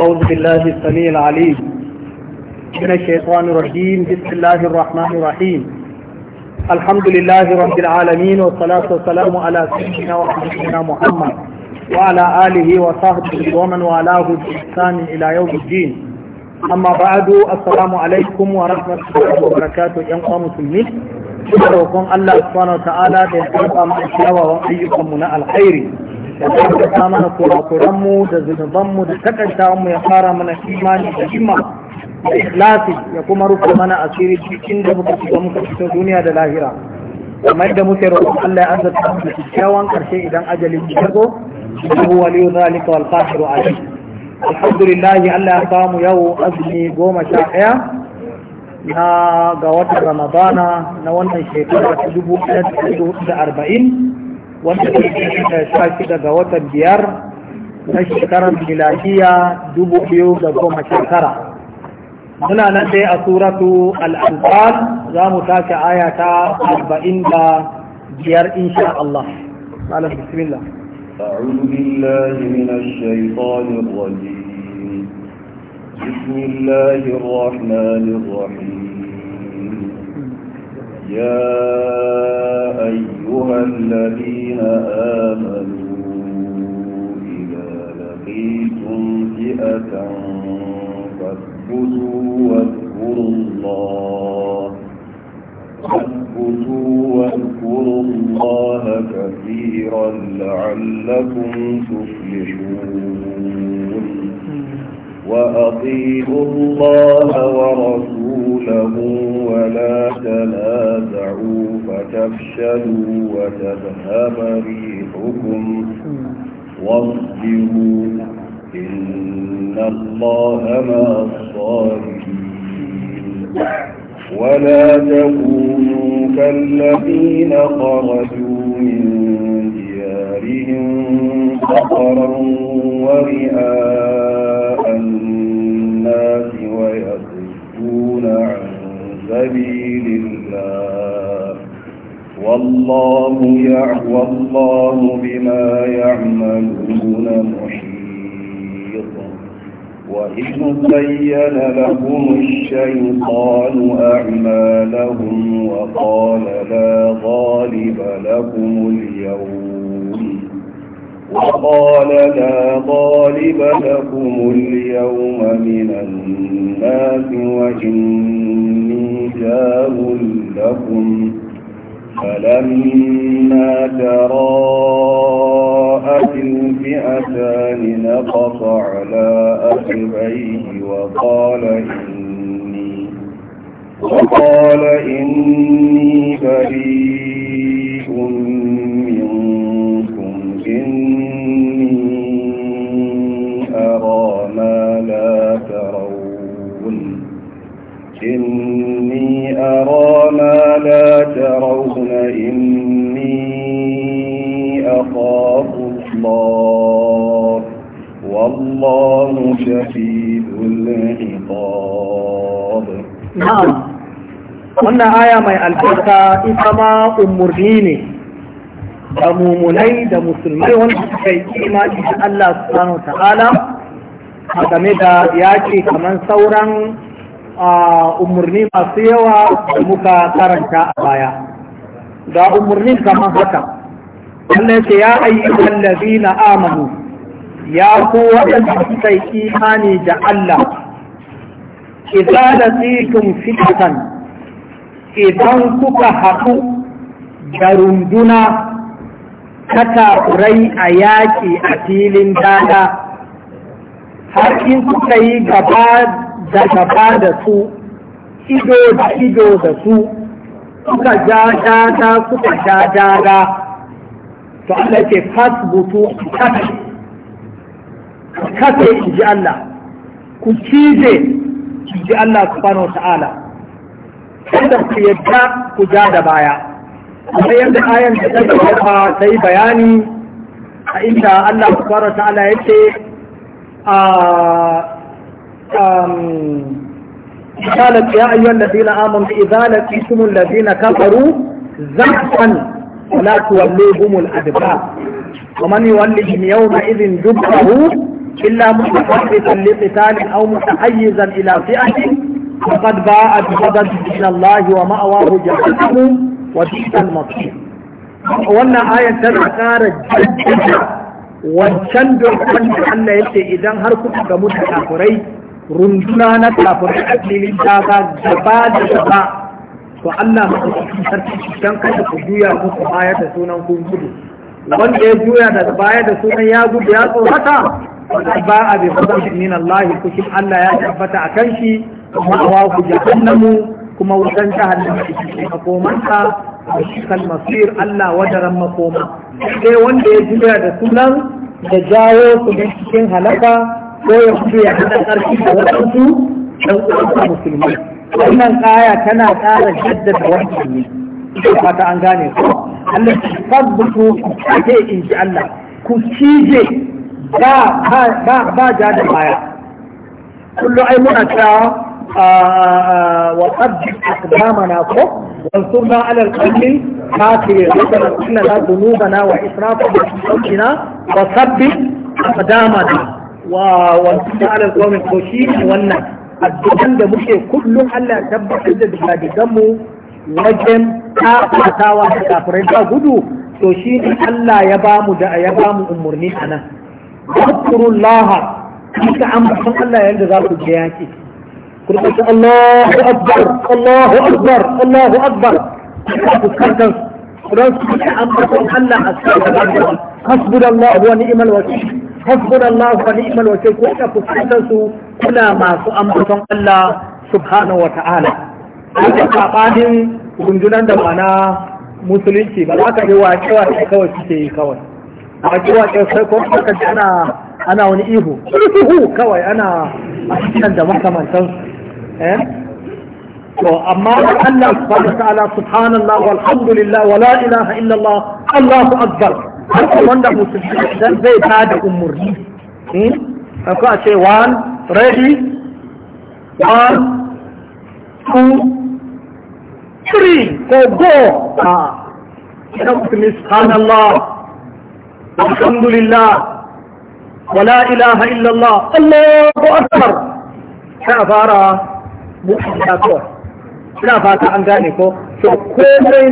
أعوذ بالله السميع العليم من الشيطان الرجيم بسم الله الرحمن الرحيم الحمد لله رب العالمين والصلاة والسلام على سيدنا وحبيبنا محمد وعلى آله وصحبه ومن والاه بإحسان إلى يوم الدين أما بعد السلام عليكم ورحمة الله وبركاته يا مسلمين شكرا الله سبحانه وتعالى لأن أمام الشيوة وأيكم من الخير da ta mana mu da zunubanmu da mu ya fara mana imani da himma da ikhlasi ya kuma rufe mana asiri cikin da muka shiga muka fito duniya da lahira kamar da muke roƙon Allah ya azurta mu da kyakkyawan idan ajalin ya zo innahu waliyyu zalika wal qadiru alayh alhamdulillah Allah ya samu yau azumi goma sha ɗaya na ga watan ramadana na wannan shekara ta dubu ɗaya da arba'in wanda ta sha shida ga watan biyar na shekarar miladiya dubu biyu da goma shekara muna nan dai a suratu al'anfal za mu tashi aya ta arba'in da biyar insha Allah. Malam bismillah. أعوذ بالله من الشيطان الرجيم بسم الله الرحمن الرحيم يا أيها الذين آمنوا إذا لقيتم فئة فاثبتوا واذكروا الله فاثبتوا واذكروا الله كثيرا لعلكم تفلحون وأطيعوا الله ورسوله ولا تنازلوا تفشلوا وتذهب ريحكم واصبروا إن الله مع الصابرين ولا تكونوا كالذين خرجوا من ديارهم فقرا ورئاء الناس ويصدون عن سبيل الله والله والله بما يعملون محيط وإذ زين لهم الشيطان أعمالهم وقال لا غالب لكم اليوم وقال لا غالب لكم اليوم من الناس وإني جاه لكم فلما تراءت الفئتان نقص على أخبيه وقال إني وقال إني بريء منكم إني أرى ما لا ترون إني أرى ما لا ترون إني أخاف الله والله شديد العقاب نعم wannan aya mai albarka ita ma umurni ne da mumunai da musulmai wanda suka yi imani da Allah subhanahu wa ta'ala a game da yaki kamar sauran A umarni masu yawa da muka karanta a baya ga umarnin kamar haka Allah ya ce ya ayyukan na amanu ya ku waɗanda suka yi imani da Allah da lasitum fitatan idan kuka haɗu da runduna katakurai a yaƙi a filin dada har in kuka yi gaba da gaba da su ido da ido da su suka ja dada suka ja dada to Allah ke fasbutu kafe kafe in ji Allah ku cije in ji Allah subhanahu wa ta'ala kada ku yadda ku ja da baya kamar yadda ayan da ta gaba ta yi bayani a inda Allah subhanahu wa ta'ala yake a ah, قالت يا أيها الذين آمنوا إذا لقيتم الذين كفروا زحفا فلا تولوهم الأدبار ومن يولهم يومئذ دبره إلا متحرفا لقتال أو متحيزا إلى فئة فقد باء بغضب من الله ومأواه جهنم وبئس المصير wannan ayan tana ƙara jaddada wancan dokar da Allah yake idan har kuka gamu da kafirai runduna na kafirai a filin daga gaba da gaba to Allah madaukakin sarki shi kada ku juya musu baya da sunan ku gudu wanda ya juya da baya da sunan ya gudu ya tsorata wanda ba a bi fadlan min Allah shi Allah ya tabbata a kan shi kuma wa ku jahannamu kuma wutan jahannama shi koma a shikal masir Allah wadaran makoma sai wanda ya juya da sunan da jawo su cikin halaka ko ya ya haɗa da waɗansu ɗan wannan ƙaya tana ƙara jaddada wannan ne fata an gane ku Allah ki fadbutu ake inji Allah ku cije ba ba ba da baya kullu ai muna ta وقد أقدامنا فوق وانصرنا على القوم الكافرين ربنا اغفر لنا ذنوبنا وإسرافنا في أمرنا وثبت أقدامنا wa wasu ta'alar gwamnati ko shi ne wannan addu'an da muke kullum Allah ya tabbatar da digadiganmu wajen tafatawa da kafirai ba gudu to shi ne Allah ya ba mu da ya ba mu umarni a nan. Wakurullaha, kuka ambaton Allah yadda za ku je yaki. Kurkuta Allahu Akbar, Allahu Akbar, Allahu Akbar, kuka fuskantar su. Kudan su kuka ambaton Allah a cikin da ba Hasbun Allah wa ni'imal wakil. hasbun Allah wa ni'mal wakil ko ka fuskantar kuna masu ambaton Allah subhanahu wa ta'ala haka sabanin rundunar da ba musulunci ba za ka yi wake wake kawai suke yi kawai wake wake sai ko ka ji ana ana wani ihu ihu kawai ana a cikin da makamantan eh to amma Allah subhanahu wa ta'ala subhanallah walhamdulillah wala ilaha illallah Allahu akbar wanda dan zai ta da umarni hmm? ko a ce one ready one two three ko go a idan musulmi subhanallah alhamdulillah ولا إله إلا الله الله أكبر ina fata an gane ko to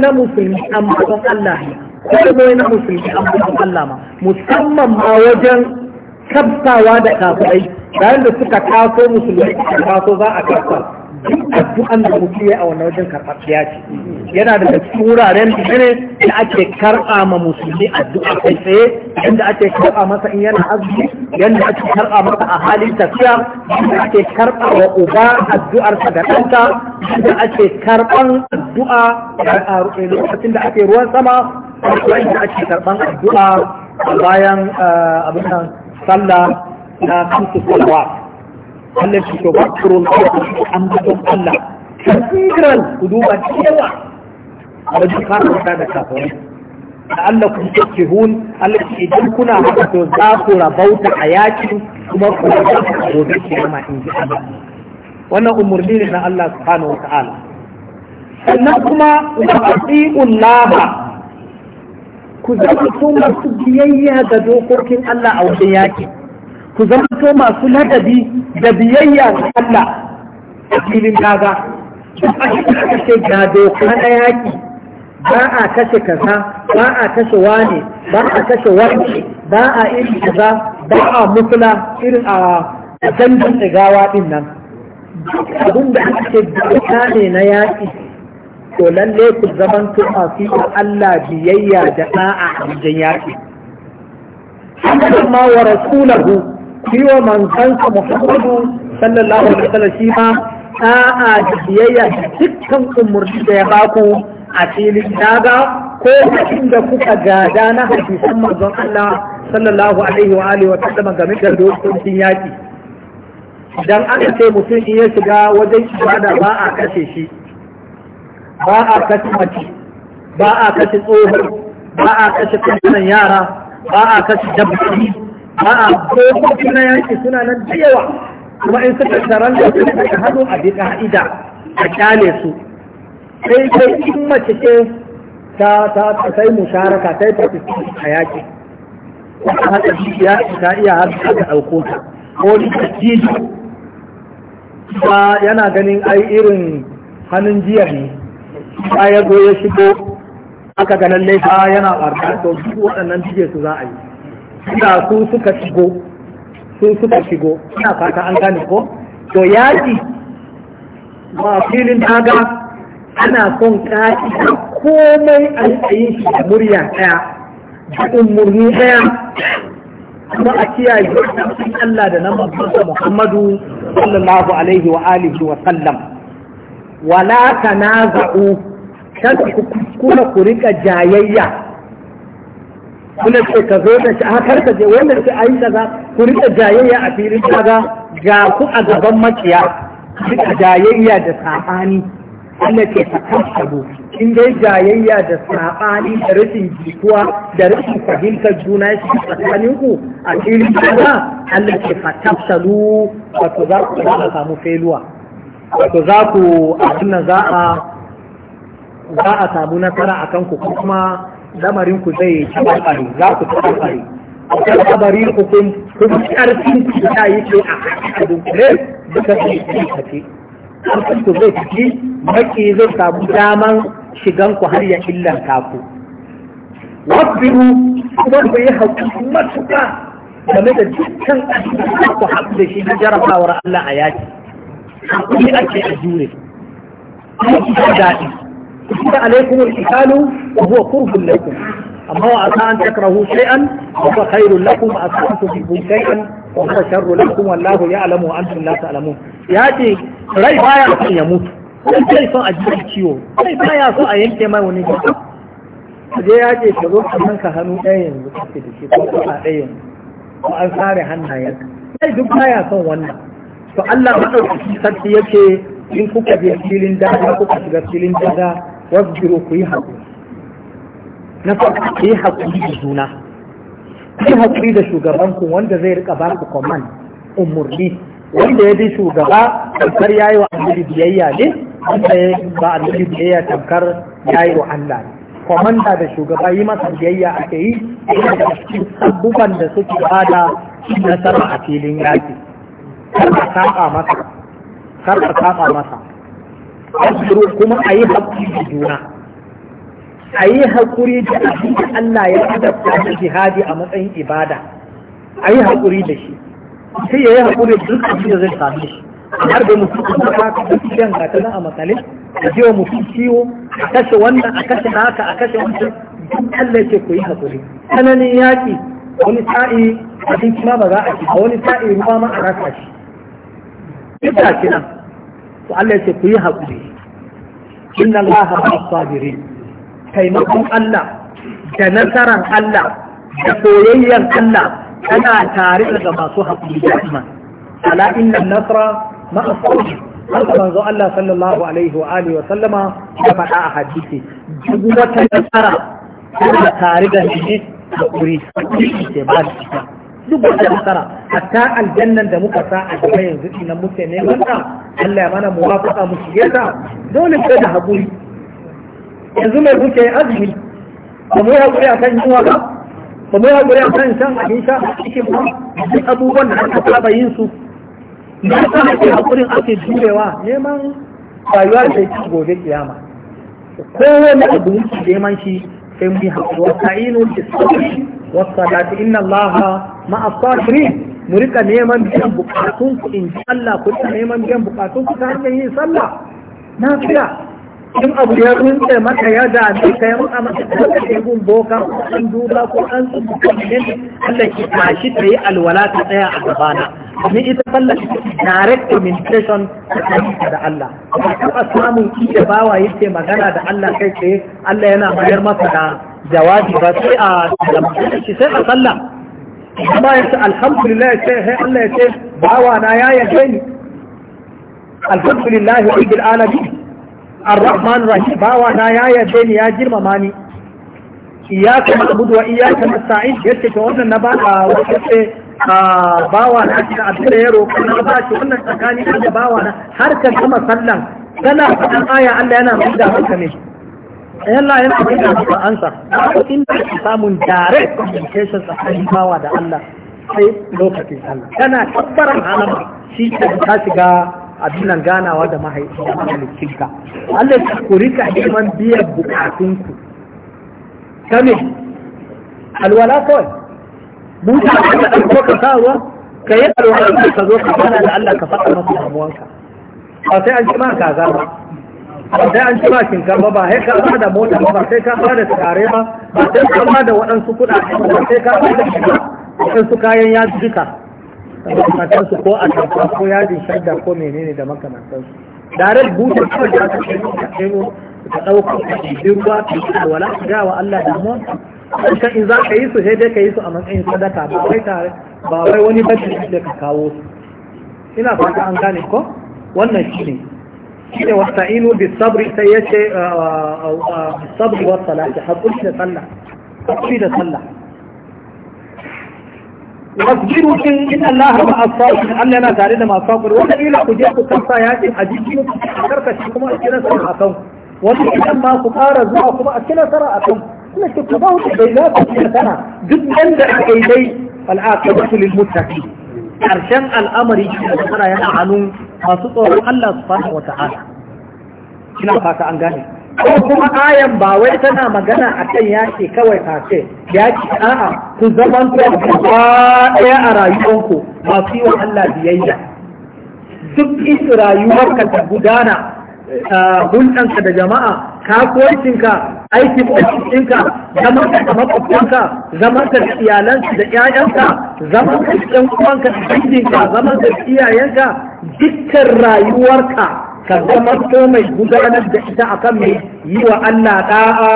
na musulmi an matan Allah ko na musulmi an bukan Allah ma musamman ma wajen kaftawa da kafirai bayan da suka taso musulmi suka taso za a kafa duk addu'an da mutum ya a wannan wajen karɓaɓɓiya ce yana da cikin wuraren da ne da ake karɓa ma musulmi addu'a kai tsaye yadda ake karɓa masa in yana azumi yanda ake karɓa masa a halin tafiya yadda ake karɓa wa uba addu'ar sa da ɗanta yadda ake karɓan addu'a a lokacin da ake ruwan sama yadda ake karɓan addu'a bayan abin sallah na kamsu salawat Allah shi ke wakurun an baton Allah kasiran ku duba cewa da duka kasa da kafirai da Allah ku ke hun Allah shi idan kuna haka to za ku rabauta a yakin kuma ku rabauta gobe kiyama in ji Allah wannan umarni ne na Allah subhanahu wa ta'ala sannan kuma wa asi'un lama ku zama su masu biyayya ga dokokin Allah a wajen yaki ku zama masu ladabi da biyayya ga Allah a filin daga a ga doka na yaƙi ba a kashe kaza ba a kashe wane ba a kashe wani ba a iri kaza ba a musula irin a dandan tsigawa din nan abin da aka ce doka ne na yaƙi to lalle ku zaman to a Allah biyayya da ɗa'a a wajen yaƙi. Haka ma wa rasulahu shi wa manzansa muhammadu sallallahu alaihi wasallam shi ma ta'a da biyayya da dukkan umarni da ya baku a filin daga ko da kuka gada na hadisan manzon Allah sallallahu alaihi wa alihi wa sallam game da dokokin yaki dan aka ce mutum in ya shiga wajen ibada ba a kashe shi ba a kashe mace ba a kashe tsohon ba a kashe kananan yara ba a kashe dabbobi a'a kuma na yaki suna nan da yawa kuma in suka taron da suka hannu a bi ka'ida a kyale su sai sai in mace ce ta ta sai musharaka sai ta fi a yaki kuma haka ya ta iya har da ɗauko ta ko ni ta jiji ba yana ganin ai irin hannun jiya ne ba ya goye shigo aka ganin laifa yana ɓarka to duk waɗannan jiya su za a yi da su suka shigo su suka shigo suna fata an gane ko to yaji ba filin daga ana son kaci komai an yi shi da murya daya da umarni daya kuma a kiyaye sun Allah da nan manzon Muhammadu sallallahu alaihi wa alihi wa sallam wala tanaza'u kada ku kuskura ku rika jayayya kuna ce ka zo da shi a ka je wannan ce ayi kaza ku rika jayayya a filin kaza ga ku a gaban makiya rika jayayya da sabani Allah ce ka tattabo in dai jayayya da sabani da rashin jituwa da rashin fahimtar juna shi tsakanin ku a filin kaza Allah ce ka tattalo wato za ku samu feluwa wato za ku a za a za a samu nasara akan ku kuma lamarin ku zai tabarbare za ku tabarbare tabarbare ku kun kuma karfin ku yi ce a dukkare duka sai ku tafi karfin ku zai tafi maki zai samu daman shigan ku har ya illanta ku wasbiru kuma ku yi hakuri matuƙa game da dukkan abin ku haɗu da shi na jarabawar Allah a yaki hakuri ake a jure. Aiki daɗi. كتب عليكم القتال وهو كره لكم أما وعسى أن تكرهوا شيئا وهو خير لكم وعسى أن شيئا وهو شر لكم والله يعلم وأنتم لا تعلمون يأتي rai baya son ya mutu sai son a ji ciwo rai ya son a yanke mai wani jiki je ya ce ka zo kan ka hannu ɗaya yanzu kake da shi ko kuma ɗaya yanzu ko an sare hannayen sai duk ya son wannan to Allah madaukaki sarki yake in kuka je filin dada kuka shiga filin dada wasbiru ku yi haƙuri na farko ku yi haƙuri da juna ku yi haƙuri da shugabanku wanda zai rika ba ku command umurni wanda ya bi shugaba tamkar ya yi wa annabi biyayya ne wanda ya ba annabi biyayya tamkar ya yi wa Allah ne komanda da shugaba yi masa biyayya ake yi da cikin da suke bada nasara a filin yaki kar ka saba masa kar ka saba masa asiru kuma a yi haƙuri da juna a yi haƙuri da abin da Allah ya adabta da jihadi a matsayin ibada a yi haƙuri da shi sai ya yi haƙuri da duk abin da zai samu. shi har da mutum da ka ka duk yan ga ta a makale a jiwa mutum ciwo a kashe wannan a kashe haka a kashe wancan duk Allah ce ku yi haƙuri tsananin yaƙi wani sa'i abinci ma ba za a ci wani sa'i ruwa ma a rasa shi duk da nan to Allah ya ce ku yi haƙuri inna Allah ba sabiri taimakon Allah da nasarar Allah da soyayyar Allah tana tare daga masu haƙuri da iman ala inna nasra ma'a sabiri haka manzo Allah sallallahu alaihi wa alihi wa sallama ya faɗa a hadisi duk wata nasara tana tare da ne haƙuri haƙuri ba da ita duk wata nasara hatta aljannan da muka sa a gaba yanzu ina muke neman ta Allah ya mana muwafaqa mu shige ta dole sai da hakuri yanzu mai kuke azumi ba mu hakuri akan yunwa ba ba mu hakuri akan san abin sha cikin ba duk abubuwan da aka saba yin su da aka ake hakurin ake jurewa neman rayuwa da ta gobe kiyama kowane abu neman shi sai mu yi haƙuri wa ta'inu bi wasu salati inna allaha ma'a mu rika neman biyan bukatun ku in ji Allah ku rika neman biyan bukatun ku ta hanyar yin sallah na fiya in abu ya rinse maka ya dame ka ya maka maka da ke gun boka an duba ko an tsubu kamar Allah ki tashi ta yi alwala ta tsaya a gabana domin ita sallah direct communication ta da Allah ba samun kike bawa yake magana da Allah kai tsaye Allah yana mayar masa da jawabi ba sai a shi sai a sallah amma yace alhamdulillah sai Allah ya ce bawa na ya yaje ni alhamdulillah rabbil alamin ar-rahman rahim bawa na ya yarda ni ya girmama ni iyyaka na'budu wa iyyaka nasta'in yace to wannan na ba a wace a bawa na cikin abin da ya roƙa na ba shi wannan tsakani da bawa na har ka gama sallan kana faɗan aya Allah yana mai da haka ne Allah yana mai da haka ansa inda ka samun direct communication tsakanin bawa da Allah sai lokacin Allah. kana tabbaran halama shi ka shiga abinan ganawa da mahaifinka. Allah ya ku rika neman biyan bukatunku ta alwala kawai buta da ɗauko ka kawo ka yi alwala ka zo ka gana da Allah ka faɗa masu damuwanka ba sai an jima kaza ba ba sai an jima shinkafa ba sai ka ba da mota ba sai ka ba da tare ba ba sai ka ba da waɗansu kuɗaɗe ba sai ka ba da shiga waɗansu kayan yaji duka da makamantansu ko a tamfa ko yajin shadda ko menene da makamantansu darar buta kawai da aka kai ka kemo ka ɗauka ka ɗibi ruwa ka yi da wala ga wa Allah da mu kan in za ka yi su sai dai ka yi su a matsayin sadaka ba wai tare ba wai wani bacci da ka kawo su ina fata an gane ko wannan shi ne shi ne wasta'inu bi sabri sai yace ah, ah, ah, sabri wa salati hakuri da sallah hakuri da sallah wasbiru din in Allah ma asabir Allah yana tare da masu sabir wanda ila ku je ku kasa yakin a jikin karkashi kuma a kira sara akan wanda idan ma ku ƙara zuwa kuma a kira sara akan kuma ki ku ba ku bai za ku kira sana duk yanda aka yi dai al'aqibatu lil muttaqin karshen al'amari shi da yana hannun masu tsoron Allah subhanahu wa ta'ala ina fata an gane ko kuma ayan ba wai tana magana a kan yaki kawai a ce yaki a'a ku zaman ku ba ɗaya a rayuwanku masu yi wa Allah biyayya duk isa rayuwarka ta gudana hulɗanka da jama'a kasuwancinka aikin ofishinka ka da zaman ka da iyalanka da ƴaƴanka ka da ƴan uwanka da zaman ka da iyayenka dukkan rayuwarka ka zama ko mai gudanar da ita akan mai yi wa Allah da'a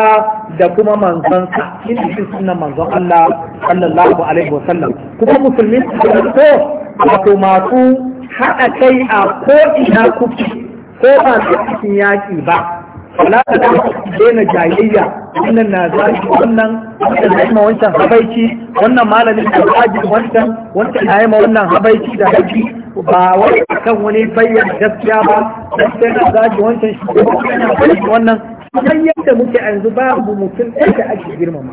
da kuma manzansa in shi sunan manzon Allah sallallahu alaihi wasallam kuma musulmi su ko wato masu haɗa kai a ko ina kuke ko ba su cikin yaƙi ba wala ta da daina jayayya wannan na zaki wannan wannan na yima wancan habaici wannan malamin da wajen wancan wancan na yima wannan habaici da haji ba wai akan wani bayyana gaskiya ba dan sai na zaji wancan shugaban yana bayyana wannan kamar yadda muke a yanzu babu mutum ɗaya da ake girmama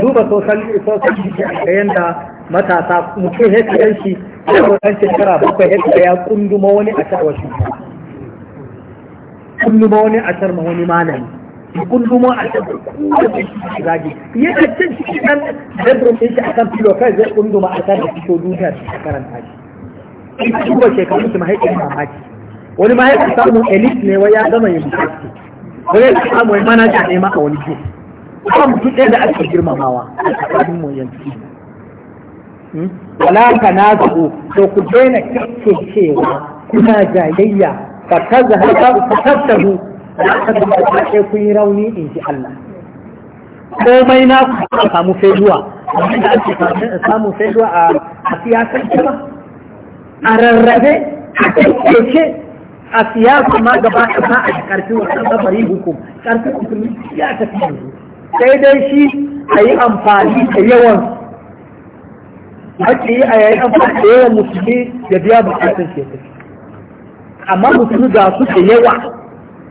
duba social social media da yanda matasa mutum ya fiye shi da wannan shekara bakwai ya ya kunduma wani a tarwa shi kunduma wani a tarma wani malami kunduma a tarma kowace shi zagi ya ce shi ɗan bedroom ɗin shi a kan filo kai zai kunduma a tarma fito duniya shi karanta shi in ka duba shekarun su mahaifin mamaki wani mahaifin samun elite ne wai ya zama yin bukati wani ya samu wani manaja ne ma a wani ke kuma mutum ɗaya da ake girmamawa a tsakanin mu yanzu hmm? wala ka na zaɓo to ku daina cewa kuna jayayya ta zahar haka ku tattabu da aka duba ta kun yi rauni in ji Allah komai na ku samu failure amma da ake samun failure a siyasar kuma a rarrabe a kakkece a siyasa ma gaba da ma a karfi wata zafari hukum karfi hukum ya tafi yanzu sai dai shi a yi amfani da yawan haƙi a yayi amfani da yawan musulmi da biya bukatun shi tafi amma musulmi ga su da yawa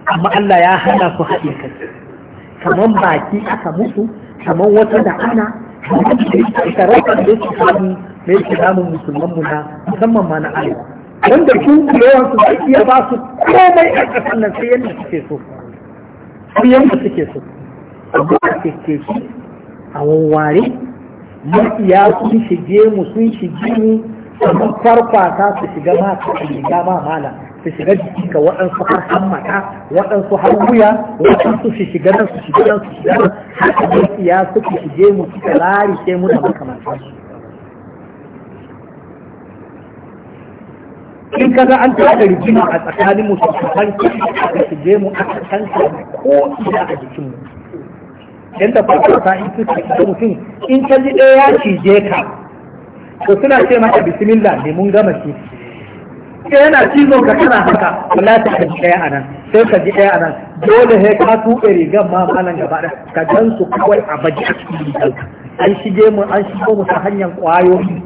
amma Allah ya hana su haɗe kai kamar baki aka mutu kamar wata da ana kamar da ita rasa da su da yake damun musulman mu na musamman ma na arewa wanda kin yawan su zai iya ba su komai a ƙasar nan sai yadda suke so sai yadda suke so amma a keke a wawware mafiya sun shige mu sun shige mu sannan farfata su shiga ma su shiga ma mala su shiga jiki ga waɗansu har hammata waɗansu har wuya waɗansu su shiga nan su shiga nan su shiga nan har mafiya suka shige mu suka lari sai mu da makamantansu in ka ga an da rigima a tsakanin mu har aka shige mu aka tanka ko ina a jikin mu dan da farko ta in suka shiga mutum in ta ji ɗaya ya cije ka to suna ce maka bismillah ne mun gama shi sai yana cizon ka kana haka wala ta ka ji ɗaya anan sai ka ji ɗaya anan dole sai ka tuɓe rigan ma malan gaba da ka gan su kawai a baji a cikin rigar an shige mu an shigo mu ta hanyar ƙwayoyi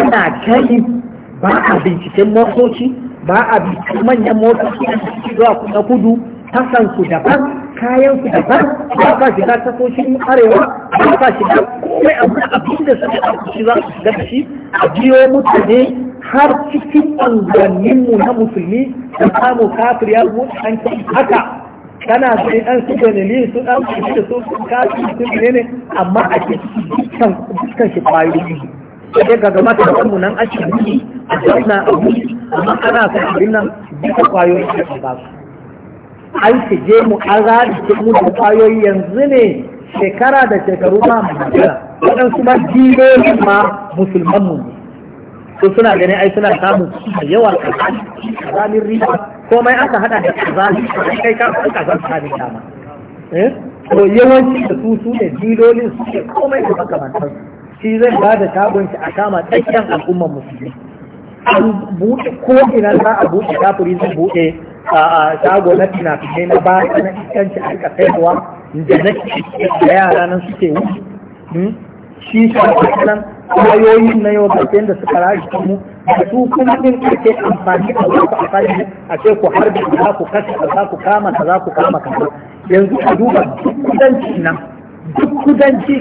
ana gani ba a binciken motoci ba a binciken manyan motoci zuwa na kudu kasan su daban kayan su daban ba shi shiga tasoshin arewa ba ka shiga komai abu abin da suka ɗauki shi za su shiga da shi a biyo mutane har cikin ɓangaranninmu na musulmi da samu kafir ya buɗe an kai haka kana sai ɗan su benelin su ɗan su da su kafir su ne amma a cikin dukkan shi kwayoyi sai ga gama ta samu nan ake yi a zauna na abu amma ana sa abin nan duka kwayoyin da ke ba su an ce je mu an rarike mu da kwayoyi yanzu ne shekara da shekaru ba mu magana waɗansu ba jibe ma musulman mu ne to suna ganin ai suna samun da yawa a kazanin riba komai aka hada da kazanin kai ka kazanin kazanin dama eh? to yawanci da su su ne dilolin su ne komai da makamantarsu shi zai ba da shagon a kama tsakiyar al'ummar musulmi an buɗe ko ina za a buɗe kafiri zai buɗe a shago na fina na ba baya na iskanci a rika kaiwa da na da yara nan suke wuce hmm? shi shi a nan kwayoyin na yau gaske da suka rage mu da su kuma din ake amfani a wasu a amfani a ce ku harbi za ku kashe za ku kama ka za ku kama ka yanzu a duba kudanci nan duk kudanci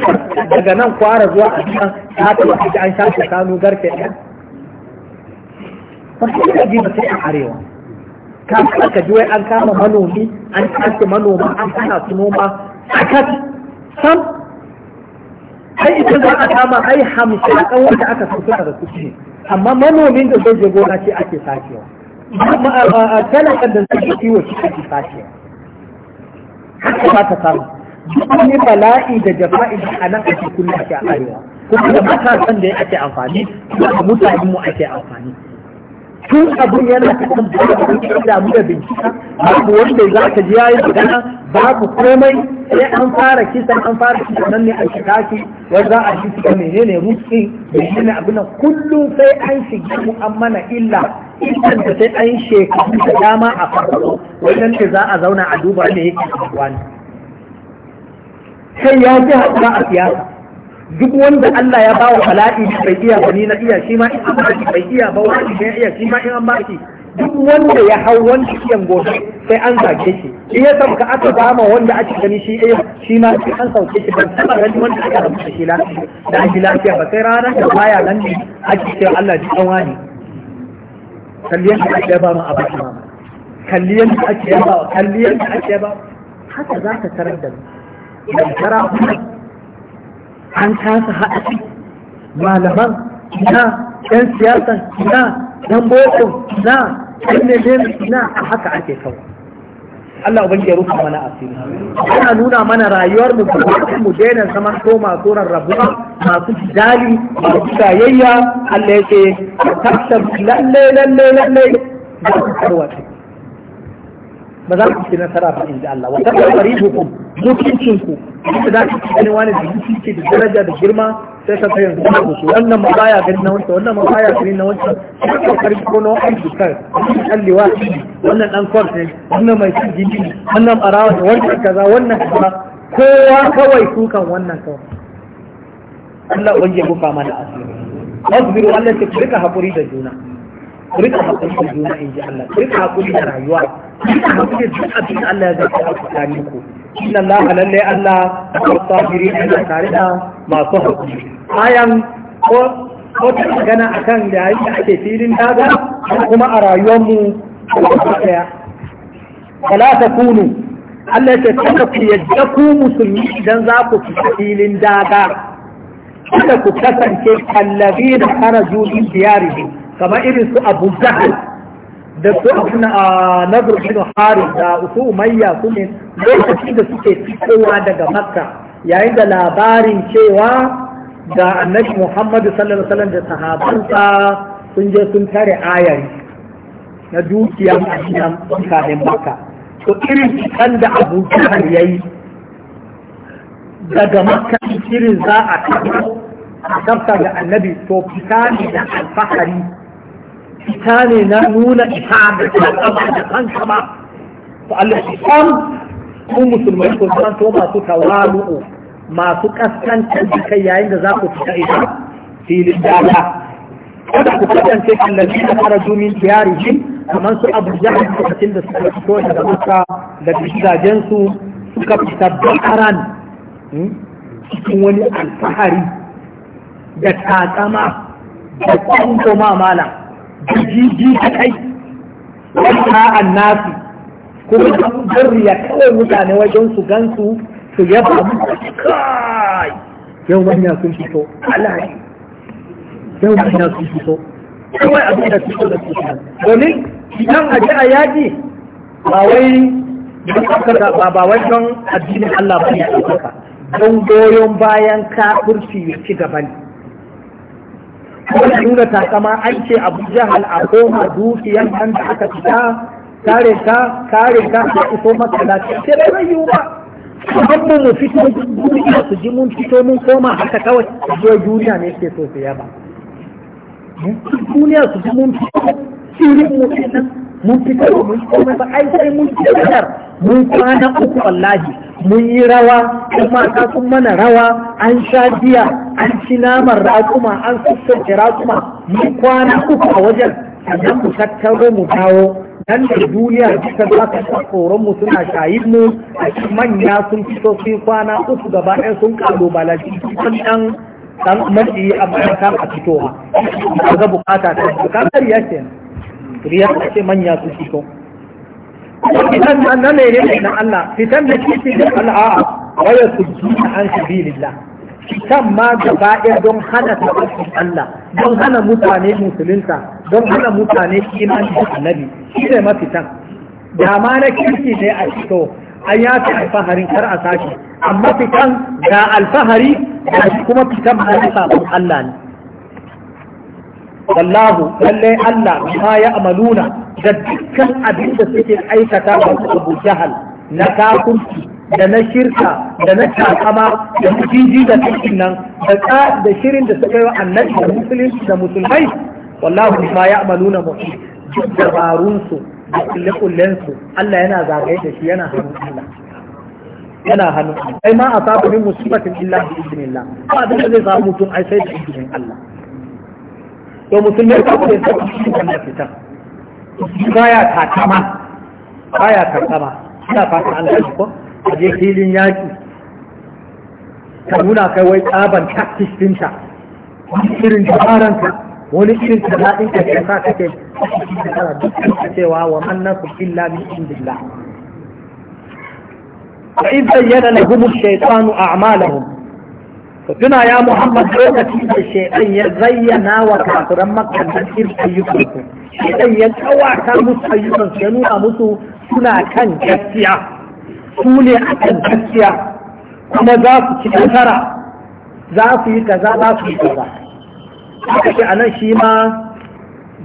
daga nan kwara zuwa a cikin ta taɓa ake an shafe kanu garke ɗaya ba su da ba sai a arewa ka aka ji wai an kama manomi an kasa manoma an kana su noma sakat sam ai ita za a kama ai hamsin a ɗan wanda aka sauka da su ce amma manomin da zai je gona ce ake sakewa talakan da zai kiwo shi ake sashewa haka ba ta samu wani bala'i da jafa'i da a nan ake kulle ake arewa kuma da matasan da ake amfani kuma da mutane mu ake amfani tun abin yana cikin da damu da bincika babu wanda za ka ji yayi gudana, babu komai sai an fara kisan an fara kisan nan ne a shiga shi wanda za a shi shiga menene rufi menene abin nan kullum sai an shiga mu an mana illa idan da sai an shekaru da dama a farko wannan ne za a zauna a duba ne yake da wani Sai ya ji haɗuwa a siyasa duk wanda Allah ya bawa bala'i bai iya ba ni na iya shi ma in an ba bai iya ba wani ne iya shi ma in an shi duk wanda ya hau wanda iya gobe sai an zage shi shi ya sauka aka ma wanda aka gani shi eh shi ma sai an sauke shi ban taba gani wanda aka rabu da shi lafiya da shi lafiya ba sai ranar da baya nan ne ake cewa Allah ji kan wani kalliyan da ake ba mu a baki ma kalliyan da ake ba kalliyan da ake ba haka za ka tarar da mu da kuma an kasa haɗa shi malaman ina ɗan siyasan ina ɗan boko ina ɗan nemen ina a haka ake kawo Allah ubangi ya rufe mana asiri ana nuna mana rayuwar mu mu daina zama ko masu rarrabuwa masu jidali masu gayayya Allah a tasab lalle lalle lalle da su ba za ku ci nasara ba inda Allah wa tabbata faridukum mutuncin ku da za ku gani wani da mutunci da daraja da girma sai ka kai zuwa ku su wannan ma baya gani na wancan wannan ma baya gani na wancan sai ka karbi ko na wani dukkan wannan wannan dan kwarfe wannan mai cin gidi wannan barawa da wannan kaza wannan kaza kowa kawai sukan wannan kawai Allah wanje buka mana asiri wasbiru Allah ya rika haƙuri da juna ان الله لن لا الله الصابرين على كارثه ما صحب ايام او او كان كان داي في فيلين دابا كما ارى يوم فلا تكونوا الا تتقوا يجدكم مسلمين اذا ذاكوا في فيلين دابا كما كتسن كالذين خرجوا من ديارهم kamar irin su abu jahil da su abu na nazar bin harin da su umayya su ne lokacin da suke fitowa daga makka yayin da labarin cewa ga annabi muhammadu sallallahu alaihi wasallam da sahabansa sun je sun tare ayari na dukiyar ajiyar mutanen makka to irin cikin da abu jahil ya yi daga makka irin za a kafa a kafa da annabi to fita ne da alfahari fita ne na nuna ita da kama da kanka ba to Allah shi sam musulmai ko san to masu tawalu masu kaskantar da kai yayin da za ku fita ita filin dada kada ku kasance kallabi da haraju min diyarihim kamar su abu jahil lokacin da suka fito daga maka da gidajensu suka fita bakaran hmm, cikin wani alfahari da takama da kwanto malam. da jiji da kai sa'an nasu kuma da ya kawai mutane wajen su gansu su yaba mu kai yau manya sun fito alayi yau manya sun fito kawai abin da fito da su domin idan a ji a yaji ba wai ba wai don addinin Allah ba ne don goyon bayan ka kafurci ya ci gaba ne wanda ta kama an ce abu a koma dukiyan nan da aka fita kare ka kare ka ta iso maka lafiya sai dai bai yiwu ba kuma mu fito duniya su ji mun fito mun koma haka kawai zuwa duniya ne ke so su yaba hmm? duniya su ji mun fito mu nan mun fitar mun komai ba ai sai mun fitar mun kwana uku wallahi mun yi rawa kuma ka kun mana rawa an sha biya an ci naman raƙuma an sassauce raƙuma mun kwana uku a wajen sannan mu tattaro mu dawo dan da duniya duka za ka sa tsoron mu suna shayin mu a manya sun fito sun kwana uku gaba ɗaya sun kalobalaci sun dan dan a bayan a fitowa ga bukata ta bukakar ya riya a ce manya su fito fitan da na ne na Allah fitan da kici da Allah a'a waya su ji an sabilillah fitan ma gaba ɗaya don hana tabbacin Allah don hana mutane musulunta don hana mutane imani da annabi shi ne mafitan da ma na kirki ne a fito an ya fi alfaharin kar a sashi amma fitan ga alfahari da kuma fitan ma na sabon Allah ne wallahu lallai Allah ma ya amaluna da dukkan abin da suke aikata da abu jahal na kakunci da na shirka da na takama da jiji da cikin nan da da shirin da suka yi wa annabi da musulunci da musulmai wallahu ma ya amaluna muhi duk dabarunsu da kulle-kullensu Allah yana zagaye da shi yana hannun Allah yana hannun Allah kai ma a sabu min musibatin illa bi idnillah ba abin da zai samu mutum ai sai da idnin Allah to musulmai ta kuma da shi wannan fitan baya takama baya takama ina fata an gani ko a je filin yaki ka nuna kai wai tsaban tactics dinta wani irin ka wani irin talaɗin ka ke sa kake kana cewa wa mannan ku illa min indillah fa idh bayyana lahum shaytanu a'malahum ka tuna ya muhammad lokaci da shaidan ya zayyana wa kafiran makka da irin ayyukansu shaidan ya kawata musu ayyukansu ya nuna musu suna kan gaskiya su ne a kan gaskiya kuma za su ci nasara za su yi kaza za su yi kaza haka ce a nan shi ma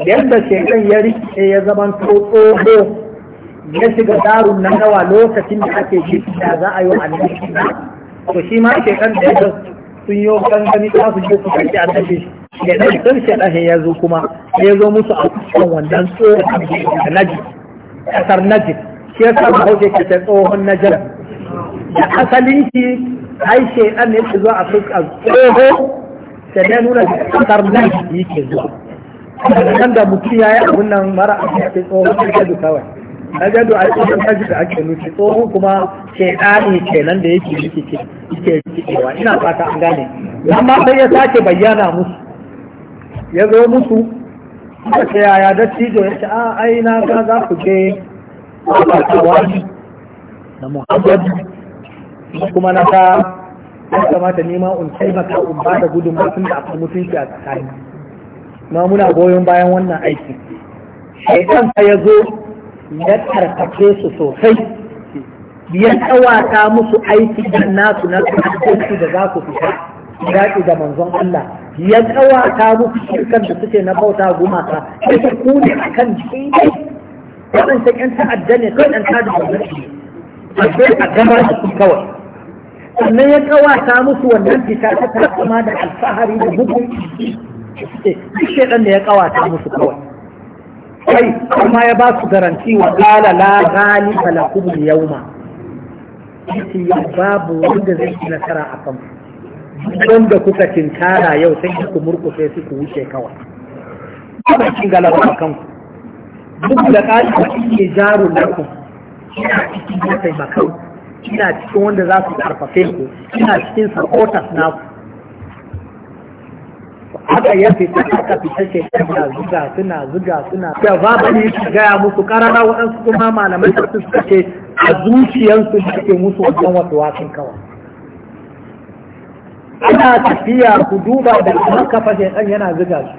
yadda shaidan ya rike ya zama tsoho ya shiga darun nan gawa lokacin da ake shi da za a yi wa annabi to shi ma shaidan da ya sun yi gangami ta su je su kaci a tafi da ɗan sarki ɗan ya zo kuma ya zo musu a cikin wannan tsohon da naji ƙasar najib shi ya samu hauke ke ta tsohon najib da asalin shi ai shaidan ne su zo a fuskar tsoho da ya nuna ƙasar najib yake zuwa nan da mutum ya yi abin nan mara a cikin tsohon najib kawai na gado a cikin kaji da ake nufi tsohon kuma ke ke nan da yake yake ke cikewa ina fata an gane amma sai ya sake bayyana musu ya zo musu suka ce yaya dattijo ya ce a ai na za ku je kwakwatawa da muhammad kuma na ta ya kamata nema in taimaka in ba da gudunmawa tun da akwai mutunci a tsakani ma muna goyon bayan wannan aiki shaidan kanka ya zo ya karkace su sosai ya tsawata musu aiki da nasu na kwanci da za su fita daɗi da manzon Allah ya tsawata musu shirkan da suke na bauta gumaka ya ta kune a kan daidai waɗanda ƴan ta'adda ne kawai ɗan tada gwamnati a ce a gama da su kawai sannan ya tsawata musu wannan fita ta kama da alfahari da bugun suke ɗan da ya tsawata musu kawai kai amma ya ba su garanti wa qala la Lakubu lakum al-yawma yace ya babu wanda zai yi nasara a kan wanda kuka tinkara yau sai ku murkushe su ku wuce kawai Kuma kin galaba a kan duk da ƙa'ida ke jaru ku ina cikin makau ina cikin wanda za su karfafe ku ina cikin supporters ku. haka ya fita aka fita shekara zuga suna zuga suna ba ba ne ya gaya musu karara waɗansu kuma malamai da su suka ce a zuciyarsu da ke musu wajen wasu wasan kawa. ana tafiya ku duba da kuma kafa shekan yana zuga su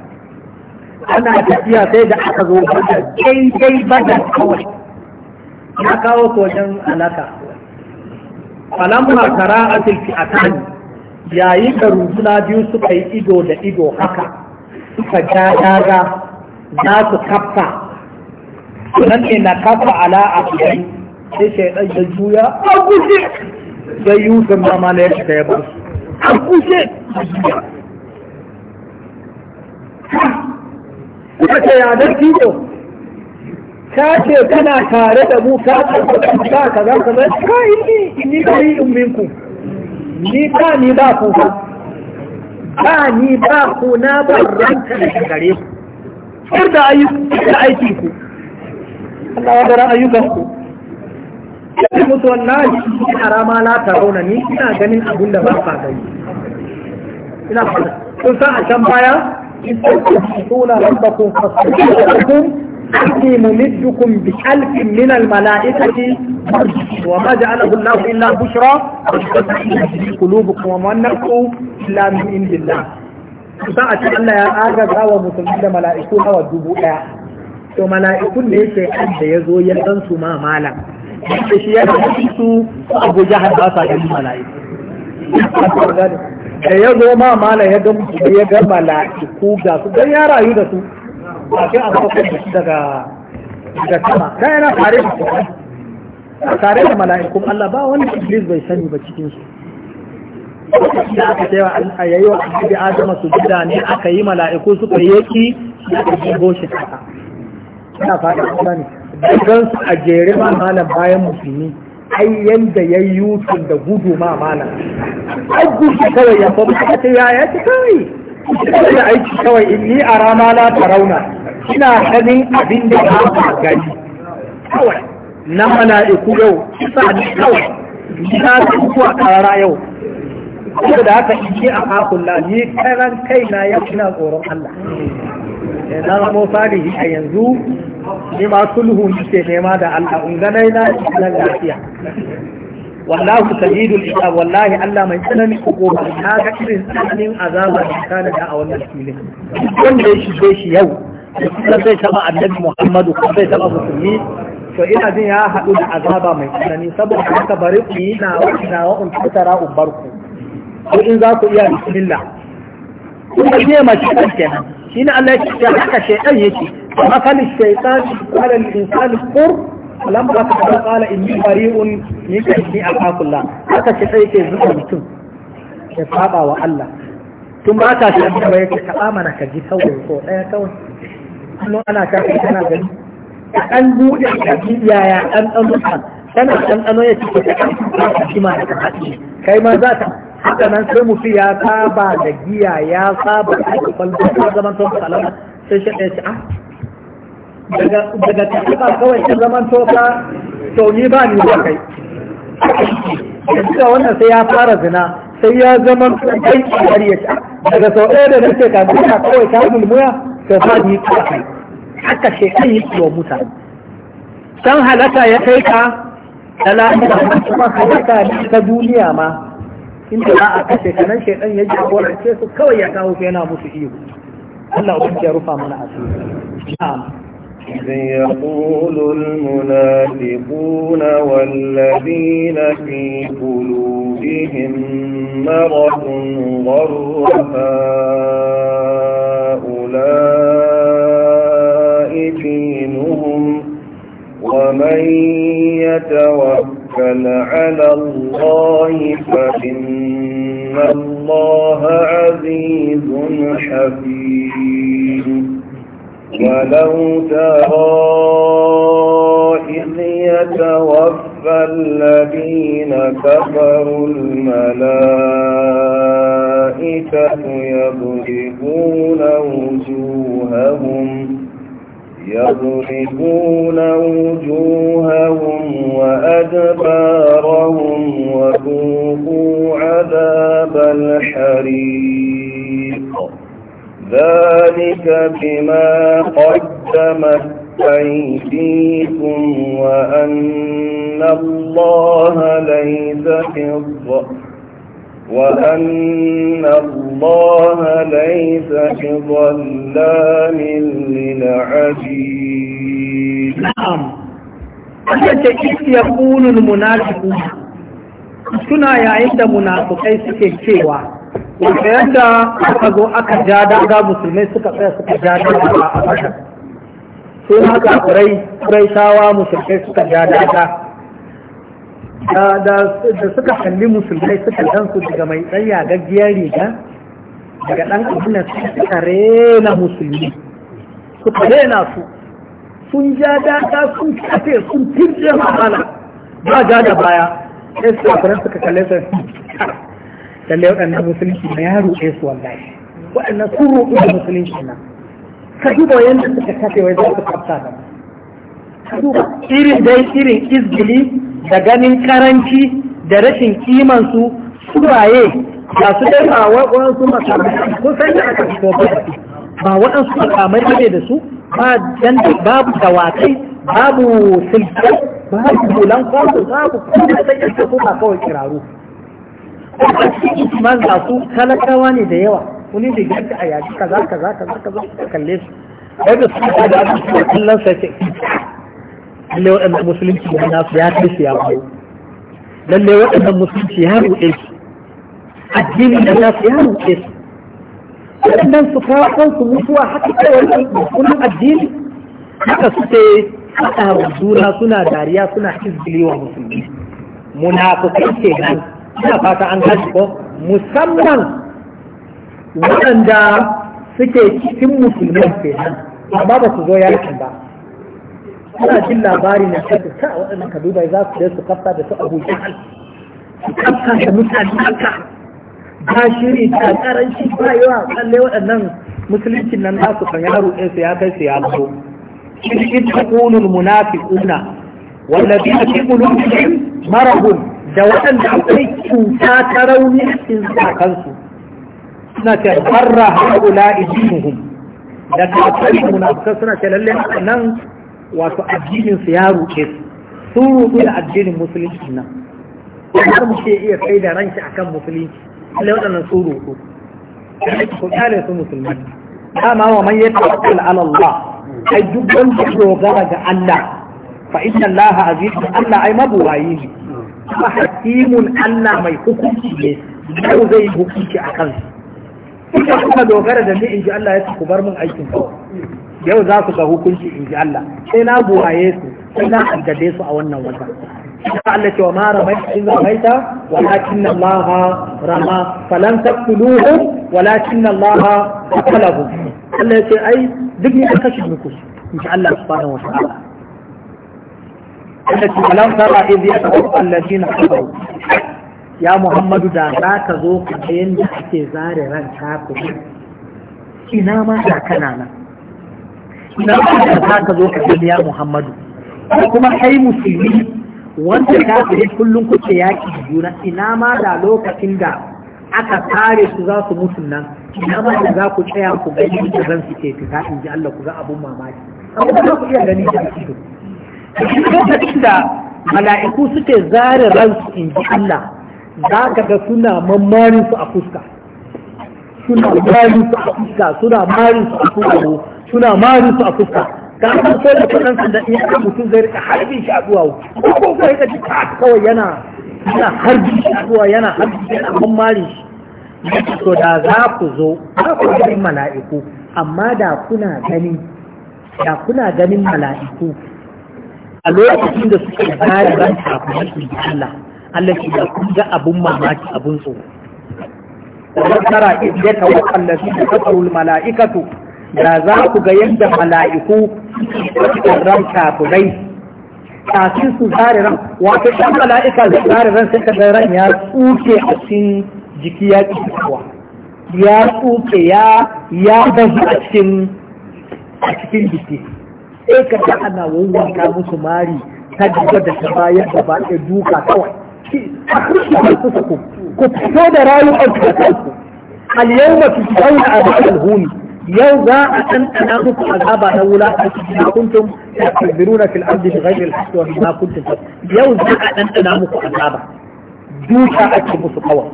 ana tafiya sai da aka zo bada daidai bada kawai ya kawo su wajen alaka falamma kara asilfi a tani Yayi da rusuna biyu suka yi ido da ido haka suka ja daga za su kafa nan ne na kafa ala a kudai sai shaidan ya juya a guje da yi ma mana ya shiga ya bar su a guje suka ce ya dan tito ka ce kana tare da mu ka ka ka za ka ka ka ka ni ka ka ka ka ka ni ba ni ba ku ba ni ba ku na ban ranka da gare ku har da aiki ku Allah ya dara ayyukan ku ya mutu wallahi ina rama la tarawna ni ina ganin abin da ba ka gani ina fara kun san a can baya in kuntum tuna rabbakum fastaghfirukum أني ممدكم بألف من الملائكة وما جعله الله إلا بشرى قلوبكم وما النفس إلا من عند الله a ci Allah ya agaza wa musulmi da hawa dubu ɗaya to mala'ikun ne sai an da ya zo ya san su ma malam da shi ya san su abu jahar ba sa gani mala'iku da yazo ma malam ya ga ya ga mala'iku ga su dan ya rayu da su kafin a sauko da shi daga daga sama Ta yana tare da kuma tare da mala'ikun Allah ba wani iblis bai sani ba cikin su da aka ce wa Allah yayi wa annabi Adam sujuda ne aka yi mala'iku suka yaki aka jibo shi haka ina fata kuma ne dan su a jere ma malam bayan musulmi ai yanda ya yi yutun da gudu ma malam. ai gudu kawai ya fa ba ta ya ya ta kawai ina aiki kawai ni a rama na tarauna ina ganin abin da ba gani kawai na mala'iku yau kisa ne kawai gina ta kuwa karara yau kuma da haka in a hakulla ni karan na ya ina tsoron Allah na zamo salihi a yanzu ni ma sulhu ke nema da Allah in ganai na lafiya wallahu sadidul iqab wallahi Allah mai tsanani hukuma na ga irin tsananin azaba da kana da a wannan filin wanda ya shige shi yau kuma zai taba annabi Muhammadu ko zai taba musulmi to ina jin ya haɗu da azaba mai tsanani saboda haka bari ku yi na na wa un ubarku ko in za ku iya bismillah kun ne mace kan kenan shine Allah ya ce haka shaytan yake fa kan shaytan qala al lamma ta qala inni bari'un ni kai ni akakullah haka shi sai ke zuwa mutum ya saba wa Allah tun ba ta shi ba yake ka amana ka ji kawai ko daya kawai kuma ana ta kana gani an bude ka ji yaya an dan mutan kana dan dano ya cike ka shi ma ka haɗi kai ma za ta haka nan sai mutum ya saba da giya ya saba da kwalba zaman zama to salama sai shi ɗaya ce ah daga tafiya kawai ta zaman toka tauni ba ni ba kai da wannan sai ya fara zina sai ya zama kai har ta daga sau ɗaya da nake ka zina kawai ta mulmuya to ba ni ta kai haka shi kai yi wa musa san halaka ya kai ka da lafiya kuma halaka ta duniya ma inda za a kashe ka nan shaidan ya jagorance su kawai ya kawo yana musu iyo Allah ubangiji ya rufa mana asiri إذ يقول المنافقون والذين في قلوبهم مرض غر هؤلاء دينهم ومن يتوكل على الله فإن الله عزيز حكيم ولو ترى إذ يتوفى الذين كفروا الملائكة يضربون وجوههم يضربون وجوههم وأدبارهم وذوقوا عذاب الحريق ذلك بما قدمت أيديكم وأن الله ليس وأن الله ليس بظلام للعبيد نعم أنت يقول المنافقون suna yayin منافقين munafukai suke da yadda aka zo aka ja daga musulmai suka tsaya suka ja daga a ƙasar sun haka kurai tawa musulmai suka ja daga da suka kalli musulmai suka su daga mai tsaya gaggiyar riga daga ɗan abinan suka rena musulmi suka rena su sun ja daga sun kafe sun tirje mahala ba ja da baya sai suka kurai suka kalle su lalle waɗannan musulunci na ya ruɗe su wallahi waɗannan sun ruɗu da musulunci na ka duba yadda suka kafe wai za su kafta da ka irin dai irin izgili da ganin karanci da rashin kiman su suwaye ba su dai ba waɗansu makamai kun san da aka fito ba ba waɗansu makamai ne da su ba dan babu dawakai babu silke babu bulan kwazo babu kuma sai ka kawai kiraru a su talakawa ne da yawa wani da ganta a yaji kaza kaza kaza kaza ka kalle su wanda su da abin su da kallon sa ce lalle waɗannan musulunci da nasu ya kai su ya bayo lalle waɗannan musulunci ya ruɗe su addini da nasu ya ruɗe su waɗannan su kawo kansu mutuwa haka kawai da sunan addini haka su ce haɗa wa juna suna dariya suna hizbili wa musulmi munafukai ke gani ina fata an tashi ko musamman waɗanda suke cikin musulman ke nan amma ba su zo yakin ba ana jin labari na shaɗu ta waɗanda duba za su je su kafta da su abu jihar su kafta da mutane haka ba shiri ta karanci ba yawa tsalle waɗannan musuluncin nan za su kan yaro su ya kai su ya zo in ta ƙunul munafiquna wallazi a cikin mulkin marahun da waɗanda akwai cuta ta rauni a cikin zukatansu suna ce barra haƙula ijinuhum da kafin munafukan suna ce lalle nan wato addinin su ya ruke su sun rubu da addinin musulunci nan har mu ce iya kai da ranki akan musulunci lalle waɗannan sun rubu ku kyale su musulmai dama wa man yatawakkal ala Allah ai duk wanda ya dogara ga Allah fa inna Allah aziz Allah ai mabuwayi ne kuma Allah mai hukunci ne yau zai yi hukunci a kansu kuka kuka dogara da ni in ji Allah ya ku bar min aikin kawai yau za ku ga hukunci in ji Allah sai na buwaye su sai na addade su a wannan wata Ina Allah ce wa ma ramaita in ramaita walakin Allah rama falam taqtuluhu walakin Allah qatalahu Allah ya ce ai duk ne aka shi muku in Allah subhanahu wa ta'ala التي لم ترى إذ يتوفى الذين كفروا يا محمد دا ذاك zo ka ga زار zare ran ما ina ma da ما nan ina ma da zaka zo ka ga ya Muhammadu kuma kai musulmi wanda kafiri kullum kuke yaki juna ina ma da lokacin da aka kare su za su mutu nan ina ma da za ku tsaya ku gani da zan suke fita in ji Allah ku ga abun mamaki amma za ku iya gani da ido lokacin da mala'iku suke zare ransu in ji Allah za ka ga suna mamarin su a fuska suna marin su a fuska suna marin su a fuska suna marin su a fuska ga an sai da kudan sanda da iya mutum zai rika harbin shi a duwawu ko kai ka ji kawai yana yana harbin shi a duwa yana harbi shi yana mamarin shi to da za ku zo za ku ga mala'iku amma da kuna gani da kuna ganin mala'iku a lokacin da suka gari ran kafin da Allah Allah shi da kun ga abun mamaki abun tsoro tara idda tawakkal lati tafsirul malaikatu da za ku ga yadda mala'iku suke ran kafirai kafin su zare ran wato ɗan mala'ika zai zare ran sai ka ran ya tsuke a cikin jiki ya tsukewa ya tsuke ya ya bazu a cikin a cikin jiki sai ka ga ana wawwanka musu mari ta gaba da ta bayan da ba ɗaya duka kawai a kusa su ku ku fito da rayuwar ku da kanku al-yawma tusawna abal huni yau za a ɗanɗana muku azaba na wulaƙanci bima kuntum tasbiruna fil ardi bi ghairi al-haqqi wa bima kuntum yau za a ɗanɗana muku azaba duka ake musu kawai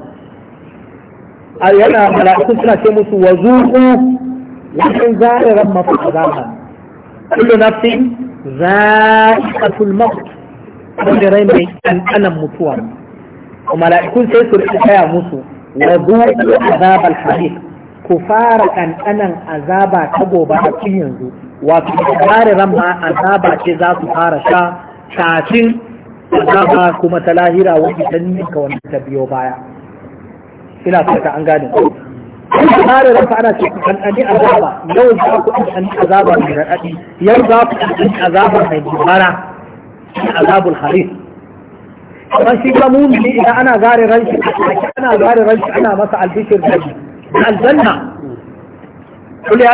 a yana mala'ikun suna ce musu wa zuqu wa in za'iran mafi azaba kullu nafsin za'iqatul maut wanda rai mai kankanan mutuwa mala'ikun sai su rika kaya musu wa zuqu azabal hadid ku fara kankanan azaba ta gobe a yanzu wato kare ran ma azaba ce za su fara sha kafin azaba kuma ta lahira wani ta ka wani ta biyo baya ina fata an gane kare ranka ana cikin ɗanɗani azaba yau za ku ɗanɗani azaba mai raɗaɗi yau za ku ɗanɗani azaba mai gobara shi azabul harif kamar shi ba mumini idan ana gare ranshi ana gare ranshi ana masa albishir da aljanna kul ya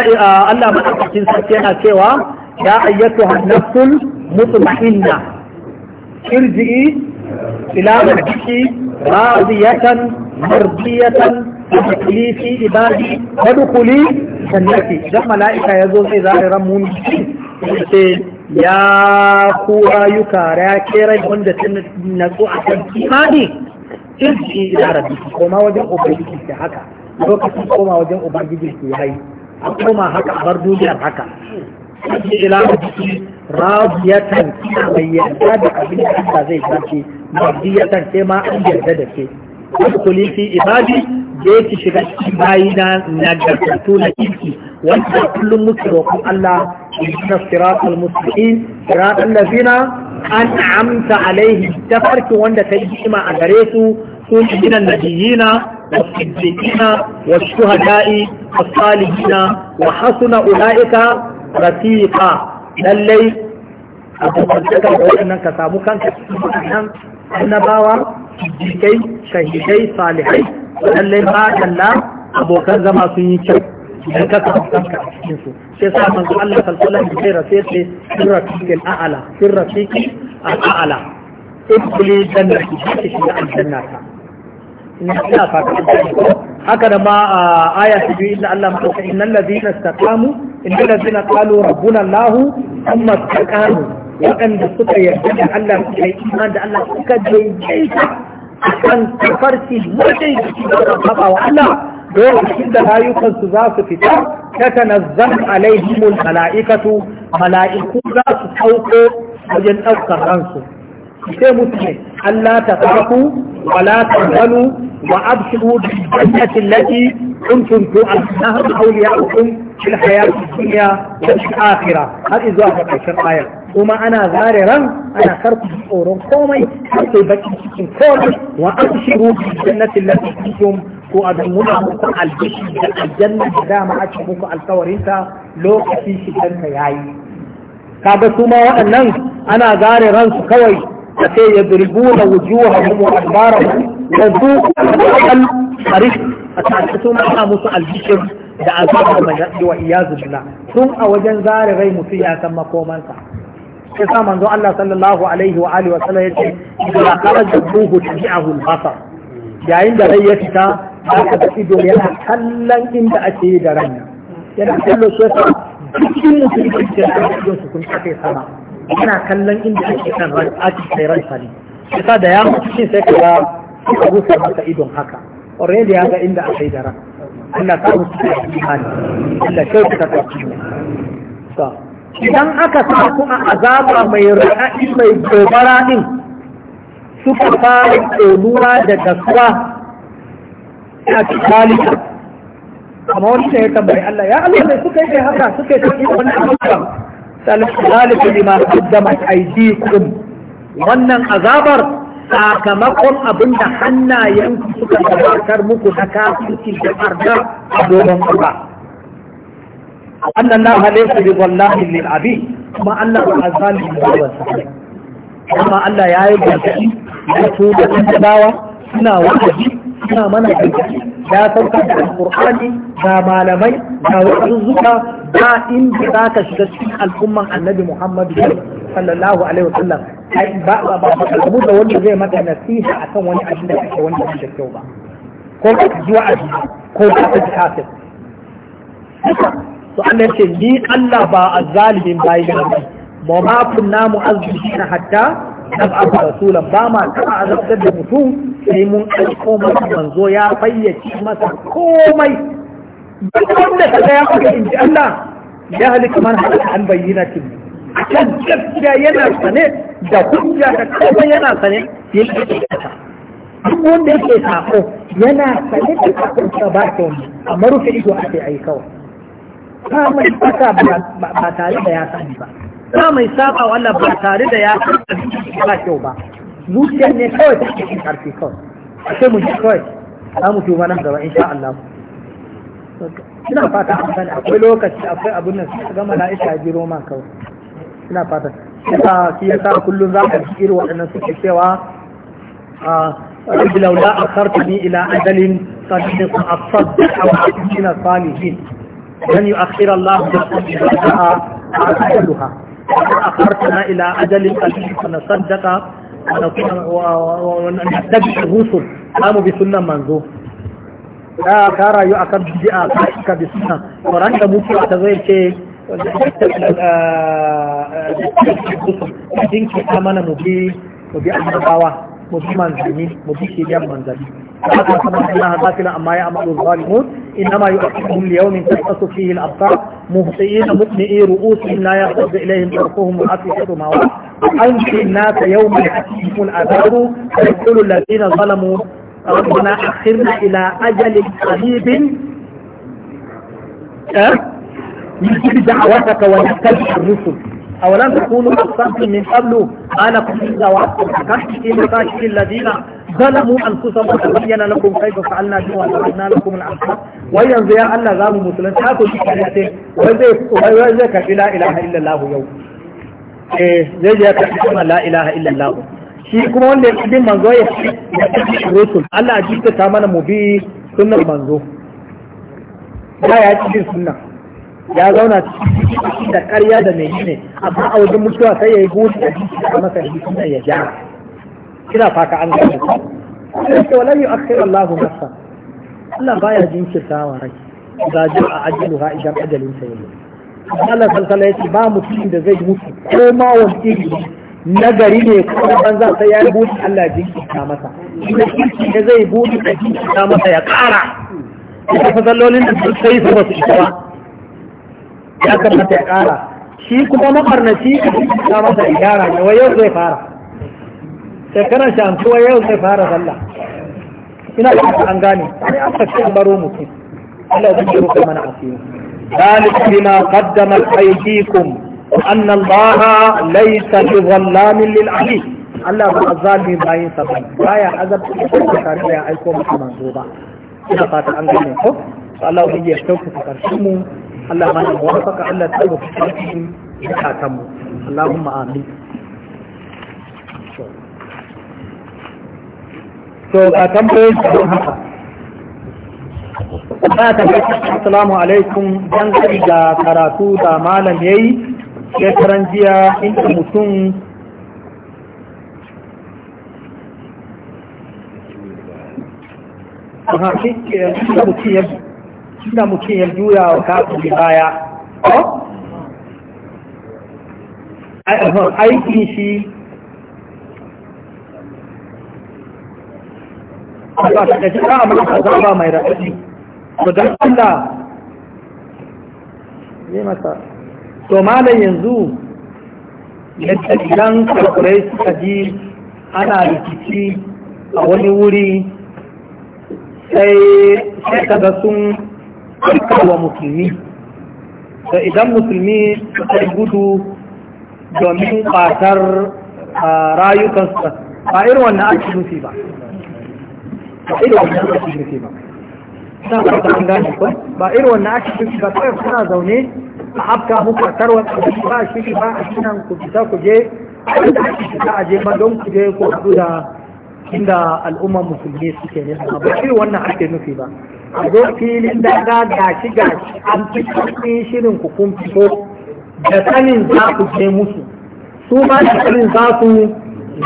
Allah madaukakin sarki yana cewa ya ayyatu nafsul mutma'inna irji'i ila rabbiki radiyatan mardiyatan wadukuli fi ibadi wadukuli jannati idan mala'ika ya zo zai zai ran mun ya ku rayuka ya ke rai wanda sun natsu a kan kimani irji ila rabbi koma wajen ubangiji ke haka lokacin koma wajen ubangiji ke yayi a koma haka a bar duniyar haka irji ila rabbi radiyatan kina mai yarda da abin da Allah zai sace radiyatan ke ma an yarda da ke wadukuli fi ibadi da shiga ciki bayi na nagartattu na ciki wanda kullum muke roƙon Allah inna siratal mustaqim siratal ladina an'amta alaihi ta farki wanda ka yi ima a gare su su ne minan nabiyina wa siddiqina wa shuhada'i wa salihina wa hasuna ulaika rafiqa lallai a da wannan ka samu kanka cikin wannan annabawa kai shahidai salihai lallai ba kalla abokan zama sun yi kyau idan ka samu kanka cikin su sai sa manzo Allah sallallahu alaihi wasallam sai ce sirrafiqil a'ala rafiqi a'ala ibli jannati bi shi da aljannata ina ina ka haka da ma aya ta biyu inna Allah maka innal ladina istaqamu innal ladina qalu rabbuna Allah amma istaqamu waɗanda suka yarda da Allah suka yi iman da Allah suka daidaita akan tafarki mutai da shi da saba wa Allah lokacin da rayukansu za su fita ta tanazzan alaihimul mala'ikatu mala'iku za su sauko wajen ɗaukar ransu sai mutum Allah ta taku wala ta zanu wa abshiru bil jannati allati kuntum tu'addunaha awliya'ukum fil hayati dunya wal akhirah har zuwa ga ƙarshen ayar kuma ana zare ran ana karku tsoron komai har sai bakin cikin komai wa an abshiru bi jannati allati kuntum ko muna muku albashi da aljanna da dama ake muku alkawarinta lokacin shigan ta yayi kaga su waɗannan ana zare su kawai a sai ya durbuna wujuhahum wa mu wa duqu al harif a tashi su ma musu albishir da azabar majadi wa iyazu billah tun a wajen zare rai mutum ya san makomansa sai sa manzo Allah sallallahu alaihi wa alihi wa sallam yace idan kharaja ruhu tabi'ahu al-basar yayin da rai ya fita aka ga ido yana kallon inda ake yi da ran yana kallon shi sa cikin mutum da ke kallon su kun kafe sama yana kallon inda ake kan ran ake kai ran sani sai da ya mutu shi sai kaga suka rufe masa idon haka already ya ga inda ake yi da ran Allah ta mutu da imani Allah kai ta ta idan aka sa su a azaba mai ra'ayi mai gobara din suka fara tsoruwa da gasuwa a cikin amma wani ya tambayi Allah ya Allah ne suka yi haka suka yi tafi wani abubuwa zalika lima aiki kudin wannan azabar sakamakon abin da hannayen suka gabatar muku na kafirci da arda a doron Allah أن الله ليس بظلام للعبيد كما الله الظالم والسحيح كما الله يا يبني يا توبة الدعوة suna wa'azi suna mana kirki ya saukar a alƙur'ani ga malamai ga wa'azuzzuka ba inda za ka shiga cikin al'umman annabi muhammadu sallallahu alaihi wasallam ai ba ba ba ba mu da wanda zai maka nasiha akan wani abin da kake wanda ba da kyau ba ko ka ko ji to an ce ni Allah ba azzalimin bayi na ba ba ma kunna mu mu'azzibina hatta nab'a rasulan ba ma taba azabtar da mutum sai mun aiko masa manzo ya fayyace masa komai duk da kaga ya faɗa in ji Allah ya halika man halaka an bayyinatin akan gaskiya yana sane da hujja da kuma yana sane yake duk wanda yake sako yana sane da kafin ba ta wani amma rufe ido ake ai kawai ba mai fata ba tare da ya sani ba ba mai saba wallah ba tare da ya sani ba kyau ba zuciyar ne kawai ta cikin karfi kawai sai mu ji kawai za mu tuba nan gaba insha Allah ina fata an sani akwai lokaci akwai abun nan gama ga mala'ika jiro ma kawai ina fata yasa shi yasa kullum za ka ji irin waɗannan suke cewa رب لولا أخرتني إلى أجل قد أصدق أو أكون من الصالحين لن يؤخر الله أجلها أخرتنا إلى أجل قليل فنصدق ونتبع الرسل قاموا بسنة منذوب لا كارا يؤكد بأخذك بسنة فرانك موكي أتغير شيء لكي تتبع الرسل لكي تتبع الرسل mu bi manzanni mu bi shiryan manzanni haka kuma Allah zakila amma ya amalu zalimun inma yu'akhidhum li yawmin tasqasu fihi al-absar muhsiin mutni'i ru'usihim la yakhudhu ilayhim tarfuhum wa afisatu ma wa anzi an-nas yawman hakimun adaru yaqulu alladhina zalamu ربنا أخرنا إلى أجل قريب نجيب دعوتك ونتبع الرسل أولم تكونوا أقسمتم من قبل أنكم إذا وعدتم كشف مكاشف الذين ظلموا أنفسهم وتبين لكم كيف فعلنا بهم وأخرجنا لكم العذاب وإن زياء ألا زاموا مسلمين تاكل بشريعته وزيك لا إله إلا الله يوم eh zai je ya karɓi la ilaha illallah shi kuma wanda ya bin manzo ya fi rusul Allah ya jikta ta mana mu bi sunnar manzo ba ya ci bin sunna ya zauna da karya da mai ne amma a wajen mutuwa sai ya yi hudu da jiki a masa jikin ya ja kina faka an gane sai ce walan yu'akhir Allahu nafsa Allah baya jinkirta wa rai ga ji a ajalu ha idan ajalin sa yayi Allah sallallahu alaihi ba mutum da zai mutu ko ma wani iri nagari ne ko ban banza sai ya buɗe Allah ta masa idan kirki da zai buɗe jinkirta masa ya ƙara ita fa sallolin da sai su ba su ba ya kamata ya kara, shi kuma mafarnaci ya masa gyara ne wa yau zai fara shekarar shamsu wa yau zai fara sallah ina da an gane sai an fashe baro mutum Allah zai rufe mana asiri ذلك بما قدمت أيديكم وأن الله ليس بظلام للعبيد Allah ba a zalmi bayin sa baya azabta da tare da ya aiko masa manzo ba ina fata an gane ya kyauta karshen mu Allah ma na wafaka Allah ta mu cikin zakatan mu Allahumma amin to a tambayoyin su don haka ba ta kai assalamu alaikum dan gari da karatu da malam yayi shekaran jiya inda mutum Aha, shi ke mutum ya tunda mutum ya juya wa kafin baya aikin shi a takaice za a maka zaba mai raɗaɗi to don tunda zai masa to malam yanzu yadda idan karkurai suka ji ana rikici a wani wuri sai ka ga sun wa musulmi da idan musulmi suka gudu domin ƙatar rayukansu ba irin wannan ake nufi ba ba irin wannan ake nufi ba suna ba ta an gane ko ba irin wannan ake nufi ba kawai suna zaune a afka muku a tarwar ba a shiri ba a shinan ku fita ku je a je ba don ku je ku haɗu da inda al'ummar musulmi suke ne ba shi wannan ake nufi ba a zo filin daga gashi gashi an fi cikin shirin ku kun fito da sanin za ku je musu su ma da sanin za su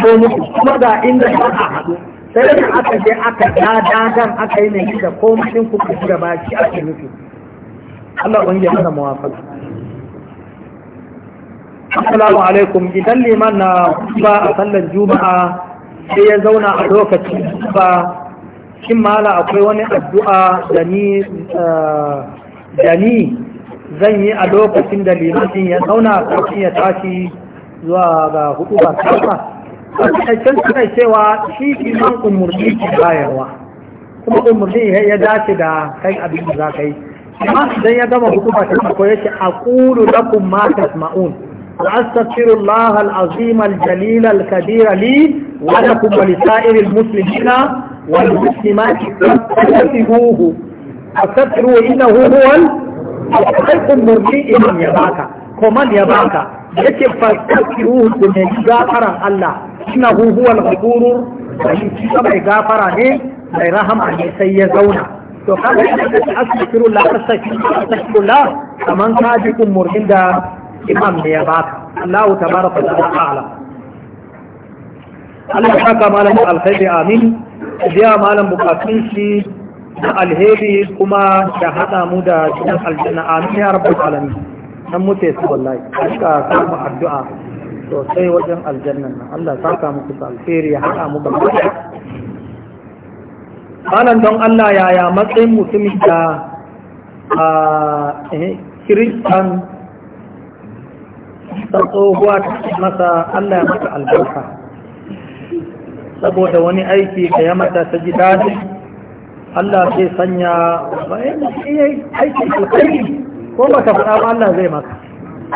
zo musu kuma ga inda za a haɗu sai da aka je aka da dagan aka yi mai da komashin ku ku da ba shi ake nufi Allah wani mana muwafaka Assalamu alaikum idan liman na ba a sai ya zauna a lokacin ba shin mala akwai wani addu'a da ni eh, zan yi a lokacin da limanin ya zauna kafin ya tashi zuwa ga hudu ba kama a cikin suna cewa shi iman umarni ke bayarwa kuma umarni ya dace da kai abin da za ka yi amma idan ya gama hudu ba ta ko ya ce a ƙuru lakum ma ma'un وأستغفر الله العظيم الجليل الكبير لي ولكم ولسائر المسلمين والمسلمات فاستغفروه فاستغفروه إنه هو الحق المرجي من يباك كمان يباك yake fastakiruhu ku nemi gafaran Allah ina huwal ghafurur rahim shi mai gafara ne mai rahama ne sai ya zauna to kaga idan ka astaghfirullah kaman imam ne ya baka Allahu tabaraka wa ta'ala a'lam Allah ya saka malam alkhairi amin biya malam bukatun shi da alheri kuma da hada mu da cikin aljanna amin ya rabbul alamin dan mutai su wallahi ka samu addu'a sosai wajen aljannan nan Allah saka muku alheri ya hada mu gaba malam don Allah yaya matsayin mutumin da a kiristan ta tsohuwa ta masa Allah ya mata albarka saboda wani aiki da ya mata ta ji daɗi Allah zai sanya bayan aiki sosai, ko ba ta faɗa ba Allah zai maka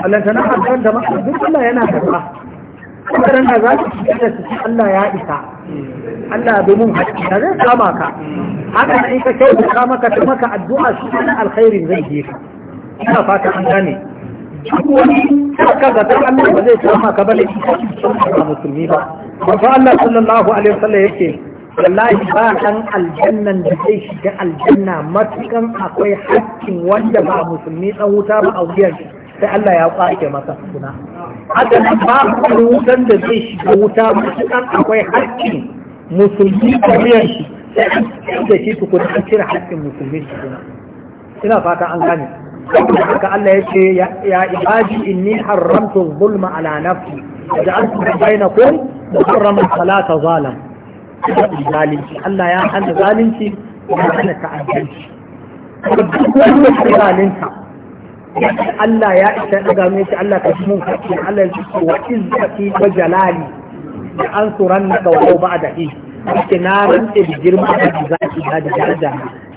Allah ta nan da maka duk Allah yana karɓa kuma da za ki ci da su Allah ya isa Allah bai mun haƙi da zai kama ka haka in ka kyauta maka ta maka addu'a shi alkhairin zai je ka ina fata an gane duk wani ka ga dan Allah ba zai kama ka bane ba musulmi ba manzo Allah sallallahu alaihi wasallam yake wallahi ba dan aljannan da zai shiga aljanna matukan akwai hakkin wanda ba musulmi dan wuta ba a wuyar sai Allah ya kwace masa suna haka nan ba wani wutan da zai shiga wuta matukan akwai hakkin musulmi a wuyar shi sai an da shi tukuna an cire hakkin musulmi suna ina fata an gane saboda haka Allah ya ce ya ibadi inni haramtu zulma ala nafsi ja'altu bainakum muharraman fala zalam. zalunci Allah ya hana zalunci ya hana ta'addanci duk wanda ya zalunta Allah ya isa daga mai ce Allah ka mun kace Allah ya ce wa izzati wa jalali da an suranna ka wa ba'da hi ke na rantsa da girma da zaki da daraja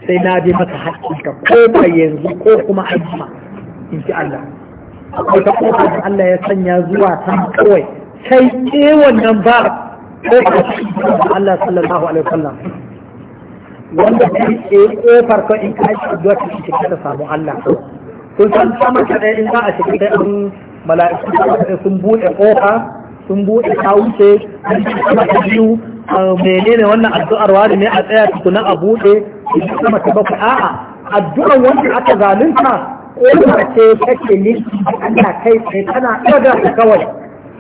sai na bi masa haƙƙinka ko ba yanzu ko kuma aiki in ji Allah wata ƙofa da Allah ya sanya zuwa ta kawai sai ke wannan ba ko ka da Allah sallallahu alaihi wasallam wanda ta ke ƙofar ka in ka aiki zuwa ta shi ta samu Allah kun san sama kaɗai ɗaya in za a shiga ta ɗin mala'iku sun buɗe ƙofa sun buɗe ta an sama ta biyu menene wannan addu'ar wani ne a tsaya tukuna a buɗe idan sama ta bakwai a'a addu'ar wanda aka zalunta ƙofa ce kake linki Allah kai tsaye kana ɗaga kawai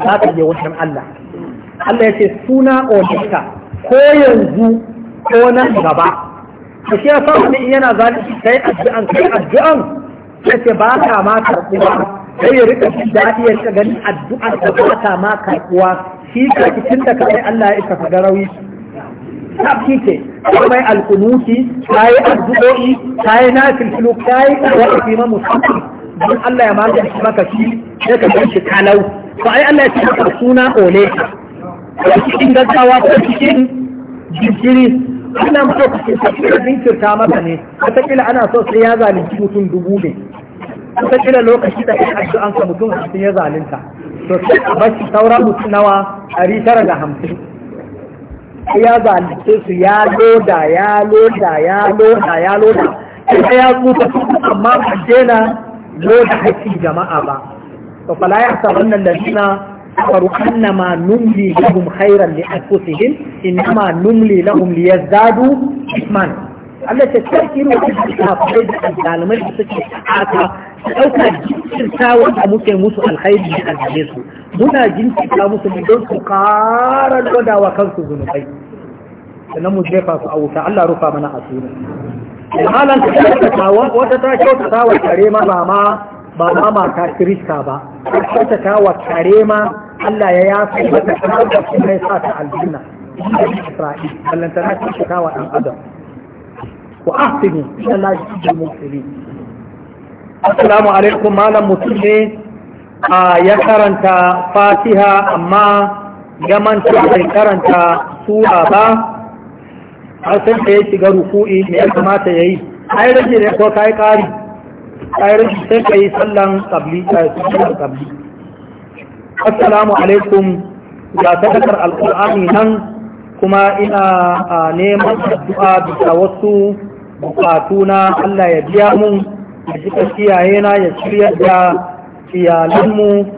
za ka je wajen Allah Allah ya ce suna odinka ko yanzu ko nan gaba to shi yasa wani yana zalunci kai addu'an kai addu'an ce ba ka ma karɓi ba sai ya rika shi daɗi ya ganin addu'a da ba ta ma karɓuwa shi ka cikin da kai Allah ya isa ga rawi sabki ke kuma mai alkunuti kai addu'o'i kai na filfilu kai wa fi ma musamman don Allah ya magance maka shi sai ka ganshi kalau to ai Allah ya ce maka suna ole ka cikin gaggawa ko cikin jinkiri ana mutum ka cikin jinkirta maka ne wataƙila ana so sai ya zalunci mutum dubu ne an san irin lokaci da kai addu'an ka mutum hamsin ya zalunta to sai a bashi saura mutum nawa ɗari tara da hamsin ya zalunce su ya loda ya loda ya loda ya loda sai ya tsufa amma ba daina loda haƙƙin jama'a ba to fala ya sa wannan faru kafaru annama numli lahum khairan li anfusihim inma numli lahum liyazdadu isman Allah ta karki irin wannan kafirai da alzalimai da suke haka su ɗauka jinkirta wanda muke musu alkhairi da alzame su muna jinkirta musu mu don su ƙara gwadawa kansu zunubai sannan mu jefa su a wuta Allah rufa mana a asiri halan ta kyautata wata ta kyautata wa kare ma ba ma ba ma mata kirista ba ta kyautata wa kare ma Allah ya yafi mata kamar da kuma ya sa ta aljanna Isra'il ballantana ta kyautata wa ɗan adam وأحسنوا إن الله يحب المحسنين ya karanta fatiha amma ya manta bai karanta sura ba har ya shiga ruku'i me ya kamata ya yi ai rage ga sadakar alqur'ani nan kuma ina neman addu'a bisa wasu bukatuna Allah ya biya mu ya jika kiyaye na ya shirya da iyalanmu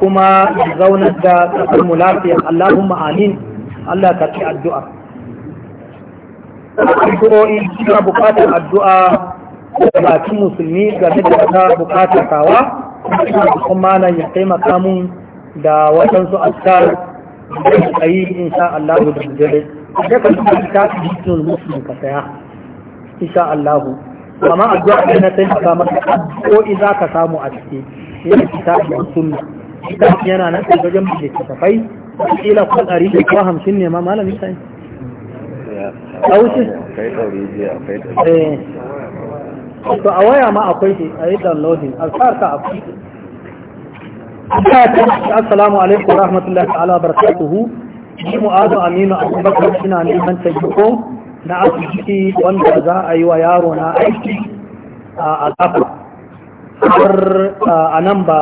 kuma ya zaunar da ƙasarmu lafiya Allahumma amin Allah ka ci addu'a addu'o'i suna bukatar addu'a da bakin musulmi game da wata bukatar kawa kuma nan ya taimaka mun da waɗansu askar da ya yi insha Allah da dare. Daga kan ta fi ka saya. insha Allah amma addu'a ne na taimaka maka ko za ka samu a ciki yana kitabi da sunna kitabi yana nan da wajen da ke tafai kila ko ɗari ko hamsin ne ma malamin sai ɗauki eh. to a waya ma akwai shi a yi downloading alfar ka akwai assalamu alaikum rahmatullahi ta'ala barakatuhu ni mu'azu aminu abubakar ina neman taimako na asibiti wanda za a yi wa yaro na aiki a kafa har a nan ba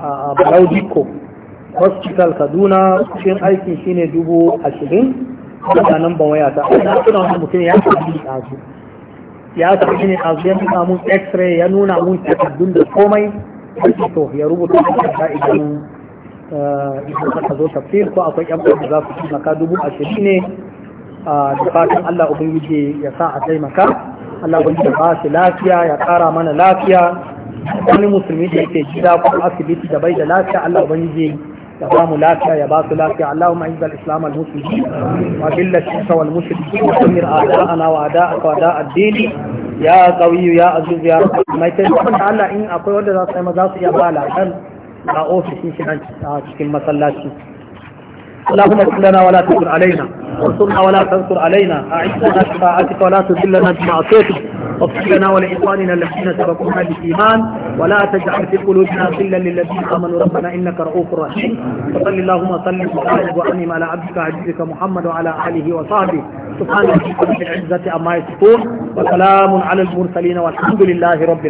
a Balaudiko hospital Kaduna cikin aikin ne dubu ashirin da nan ban waya ta ana suna wani mutum ya tafi ne ɗazu ya tafi ne ɗazu ya nuna mun x-ray ya nuna mun takardun da komai to ya rubuta ta idan eh, idan ka zo tafsir ko akwai yan da za su taimaka dubu ashirin ne da fatan Allah ubangiji ya sa a taimaka Allah ubangiji ba shi lafiya ya kara mana lafiya wani musulmi da yake gida ko asibiti da bai da lafiya Allah ubangiji ya ba mu lafiya ya ba su lafiya Allahumma izza al-islam al-muslimin wa billa shirka wal mushrikin wa samir a'da'ana wa a'da'aka wa da'a ad-din ya qawiy ya aziz ya mai taimakon Allah in akwai wanda za su yi maza su iya ba lafiya a ofishin shi a cikin masallaci اللهم اغفر لنا ولا تكن علينا وانصرنا ولا تنصر علينا أعزنا بطاعتك ولا تذلنا بمعصيتك واغفر لنا ولإخواننا الذين سبقونا بالإيمان ولا تجعل في قلوبنا غلا للذين آمنوا ربنا إنك رؤوف رحيم وصل اللهم وسلم وبارك وأنعم على عبدك عزيزك محمد وعلى آله وصحبه سبحان ربك رب العزة عما يصفون وسلام على المرسلين والحمد لله رب